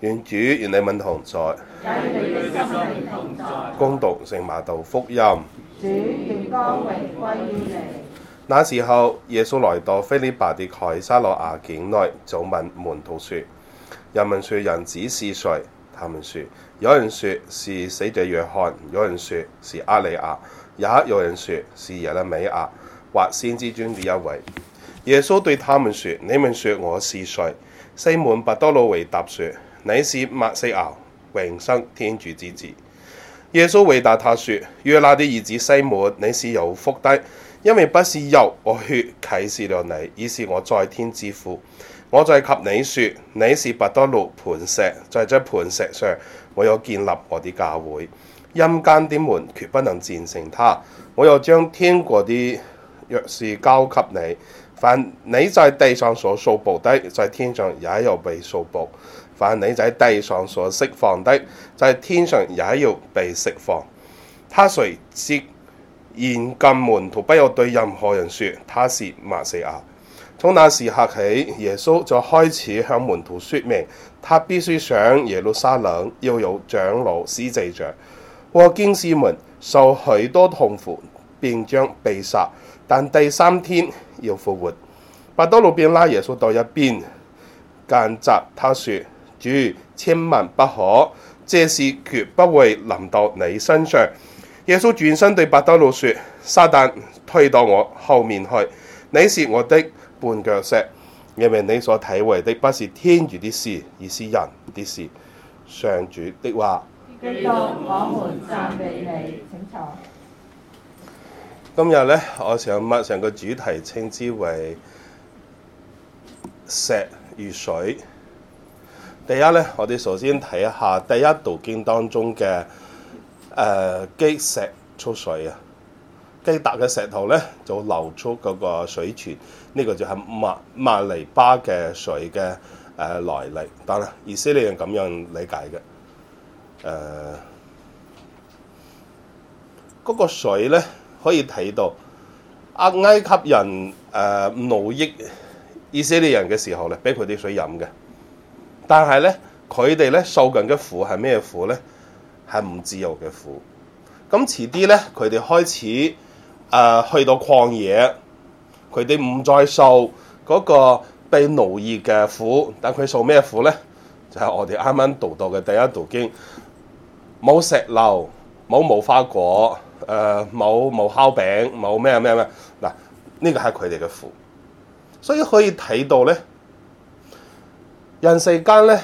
願主與你們同在，恭讀聖瑪竇福音。主願光榮歸於你。那時候耶穌來到斐理伯的凱撒羅亞境內，早問門徒說：人們說人子是誰？他們說：有人說是洗者若翰，有人說是厄里亞，也有人說是耶肋米亞，亞，亞，亞或先知中的一位。耶穌對他們說：你們說我是誰？西滿伯多祿回答說。你是默西亞，永生天主之子。耶穌回答他說：約那的兒子西滿，你是有福低，因為不是肉和血啟示了你，而是我在天之父。我再給你說，你是伯多祿磐石，在這磐石上，我有建立我的教會。陰間啲門絕不能戰勝他。我又將天國啲鑰匙交給你，凡你在地上所束縛的，在天上也有被束縛。凡你在地上所釋放的，在天上也要被釋放。他隨即嚴禁門徒，不要對任何人說他是默西亞。從那時刻起，耶穌就開始向門徒説明，他必須上耶路撒冷，要有長老、司祭長和經師們受許多痛苦，便將被殺，但第三天要復活。伯多祿便拉耶穌到一邊，諫責他說。主，千萬不可，這事絕不會臨到你身上。耶穌轉身對伯多祿說：撒旦，推到我後面去，你是我的絆腳石，因為你所體會的不是天主的事，而是人的事。上主的話。今日呢，我想麥上個主題稱之為石與水。第一咧，我哋首先睇一下第一道經當中嘅誒擊石出水啊，基達嘅石頭咧就流出嗰個水泉，呢、這個就係馬馬尼巴嘅水嘅誒、呃、來歷，但係以色列人咁樣理解嘅誒，嗰、呃那個水咧，可以睇到阿埃及人誒奴役以色列人嘅時候咧，俾佢啲水飲嘅。但係咧，佢哋咧受緊嘅苦係咩苦咧？係唔自由嘅苦。咁遲啲咧，佢哋開始誒、呃、去到曠野，佢哋唔再受嗰個被奴役嘅苦。但佢受咩苦咧？就係、是、我哋啱啱讀到嘅第一讀經，冇石榴、冇無花果，誒冇冇烤餅，冇咩咩咩嗱，呢、這個係佢哋嘅苦。所以可以睇到咧。人世間咧，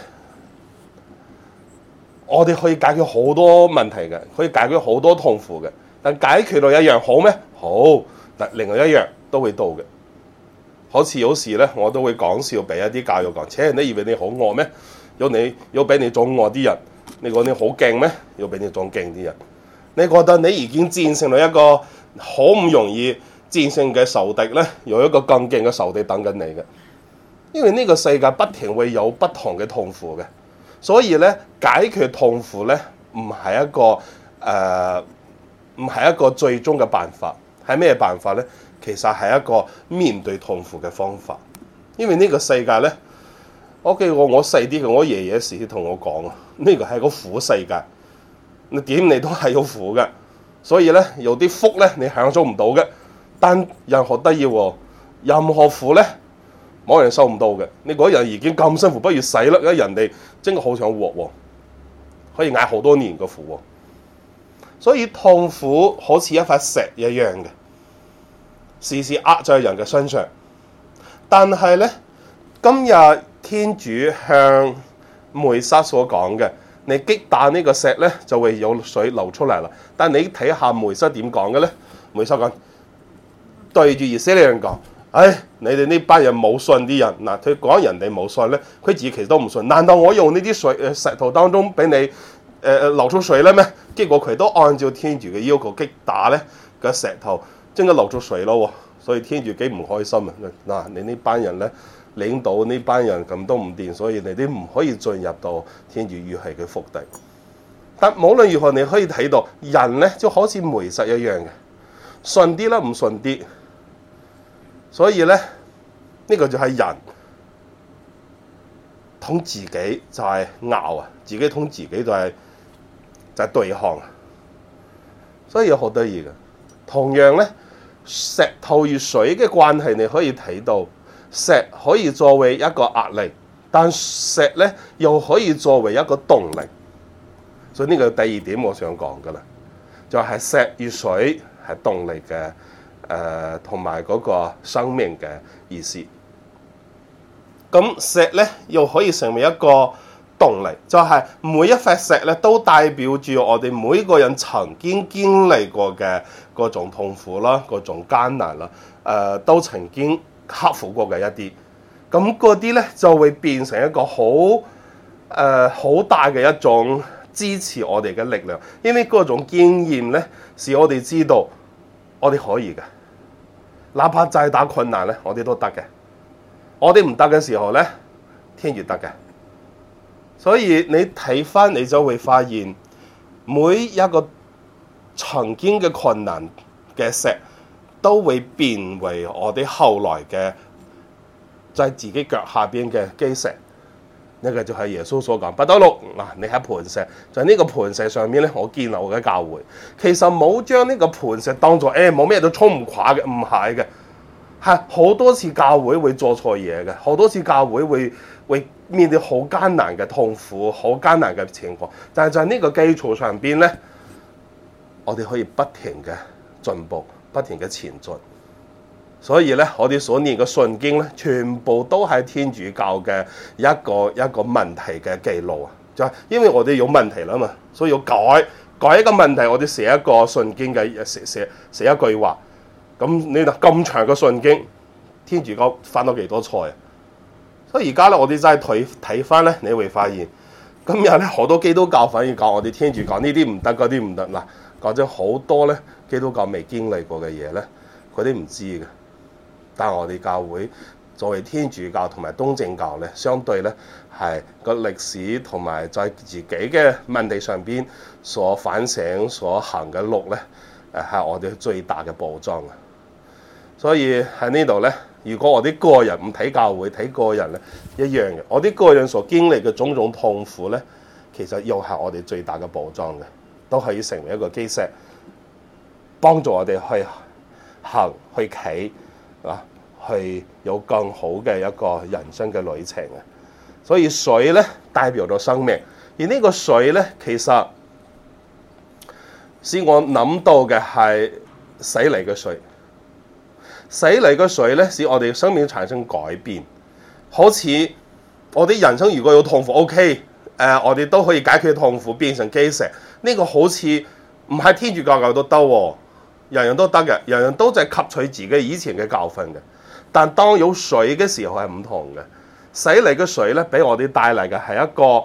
我哋可以解決好多問題嘅，可以解決好多痛苦嘅。但解決到一樣好咩？好，但另外一樣都會到嘅。好似有時咧，我都會講笑俾一啲教育講，所有人都以為你好惡咩？有你有俾你仲惡啲人，你覺得你好勁咩？有俾你仲勁啲人，你覺得你已經戰勝咗一個好唔容易戰勝嘅仇敵咧？有一個更勁嘅仇敵等緊你嘅。因為呢個世界不停會有不同嘅痛苦嘅，所以咧，解決痛苦咧，唔係一個誒，唔係一個最終嘅辦法，係咩辦法咧？其實係一個面對痛苦嘅方法。因為呢個世界咧，我記得我細啲嘅，我爺爺時時同我講啊，呢個係個苦世界，你點你都係有苦嘅，所以咧有啲福咧你享受唔到嘅，但任何得意喎，任何苦咧。冇人收唔到嘅，你嗰人而家咁辛苦，不如死啦！而人哋真係好想活喎，可以挨好多年嘅苦喎，所以痛苦好似一塊石一樣嘅，時時壓在人嘅身上。但係咧，今日天，天主向梅瑟所講嘅，你擊打呢個石咧，就會有水流出嚟啦。但你睇下梅瑟點講嘅咧，梅瑟講對住以色列人講。唉，你哋呢班人冇信啲人，嗱，佢講人哋冇信咧，佢自己都唔信。難道我用呢啲水石頭當中俾你，誒、呃、誒流出水咧咩？結果佢都按照天主嘅要求擊打咧，個石頭真係流出水咯。所以天主幾唔開心啊！嗱，你呢班人咧，領導呢班人咁都唔掂，所以你哋唔可以進入到天主預許嘅福地。但無論如何，你可以睇到人咧就好似梅瑟一樣嘅，信啲啦唔信啲。所以咧，呢、這個就係人同自己就係拗啊，自己同自己就係、是、就係、是、對抗啊。所以好得意噶。同樣咧，石頭與水嘅關係，你可以睇到石可以作為一個壓力，但石咧又可以作為一個動力。所以呢個第二點我想講噶啦，就係、是、石與水係動力嘅。誒同埋嗰個生命嘅意思，咁石咧又可以成為一個動力，就係、是、每一塊石咧都代表住我哋每一個人曾經經歷過嘅各種痛苦啦、各種艱難啦、呃，都曾經克服過嘅一啲，咁嗰啲咧就會變成一個好、呃、好大嘅一種支持我哋嘅力量，因為嗰種經驗咧使我哋知道。我哋可以嘅，哪怕再打困難咧，我哋都得嘅。我哋唔得嘅時候咧，天亦得嘅。所以你睇翻你就會發現，每一個曾經嘅困難嘅石，都會變為我哋後來嘅，就係自己腳下邊嘅基石。呢個就係耶穌所講，伯多祿嗱，你係磐石，就喺呢個磐石上面咧，我建立我嘅教會。其實冇將呢個磐石當做，誒冇咩都衝唔垮嘅，唔係嘅，係好多次教會會做錯嘢嘅，好多次教會會會面對好艱難嘅痛苦，好艱難嘅情況。但係就喺呢個基礎上邊咧，我哋可以不停嘅進步，不停嘅前進。所以咧，我哋所念嘅《信經》咧，全部都係天主教嘅一個一個問題嘅記錄啊！就係因為我哋有問題啦嘛，所以要改改一個問題，我哋寫一個信經嘅，寫寫寫一句話。咁你嗱咁長嘅信經，天主教翻到幾多菜啊？所以而家咧，我哋真係睇睇翻咧，你會發現今日咧好多基督教粉要講我哋天主教呢啲唔得，嗰啲唔得嗱，講咗好多咧基督教未經歷過嘅嘢咧，佢啲唔知嘅。但係我哋教會作為天主教同埋東正教咧，相對咧係個歷史同埋在自己嘅問題上邊所反省、所行嘅路咧，誒，係我哋最大嘅保障啊！所以喺呢度咧，如果我啲個人唔睇教會睇個人咧一樣嘅，我啲個人所經歷嘅種種痛苦咧，其實又係我哋最大嘅保障嘅，都可以成為一個基石，幫助我哋去行、去企。啊，係有更好嘅一個人生嘅旅程啊！所以水咧代表咗生命，而呢個水咧其實使我諗到嘅係洗禮嘅水。洗禮嘅水咧使我哋生命產生改變，好似我哋人生如果有痛苦，OK，誒，我哋都可以解決痛苦，變成基石。呢、這個好似唔係天主教教都兜喎、啊。人人都得嘅，人人都就係吸取自己以前嘅教訓嘅。但當有水嘅時候係唔同嘅。洗禮嘅水呢，俾我哋帶嚟嘅係一個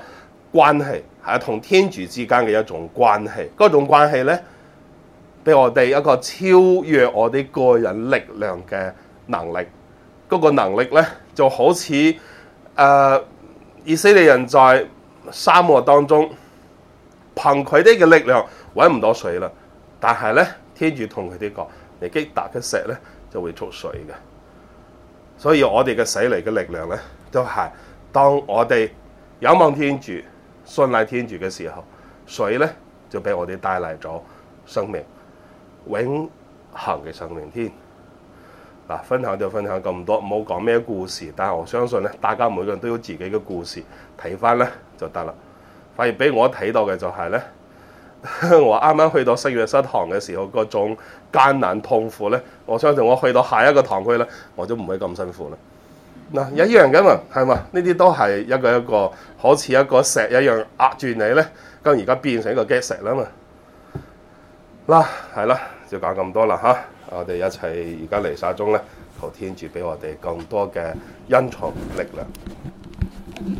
關係，係同天主之間嘅一種關係。嗰種關係呢，俾我哋一個超越我哋個人力量嘅能力。嗰、嗰個能力呢，就好似、呃、以色列人在沙漠當中憑佢哋嘅力量揾唔到水啦，但係呢。天主同佢哋講你擊打嘅石咧，就會出水嘅。所以我哋嘅洗禮嘅力量咧，都係當我哋仰望天主、信賴天主嘅時候，水咧就俾我哋帶嚟咗生命、永恆嘅生命添。嗱，分享就分享咁多，唔好講咩故事。但係我相信咧，大家每個人都有自己嘅故事，睇翻咧就得啦。反而俾我睇到嘅就係咧。 我啱啱去到聖若瑟堂嘅時候，嗰種艱難痛苦呢，我相信我去到下一個堂區呢，我都唔會咁辛苦啦。嗱、啊，一樣噶嘛，係嘛？呢啲都係一個一個，好似一個石一樣壓住你呢，咁而家變成一個基石啦嘛。嗱、啊，係啦，就講咁多啦吓。我哋一齊而家嚟彌撒中呢，求天主俾我哋更多嘅恩寵力量。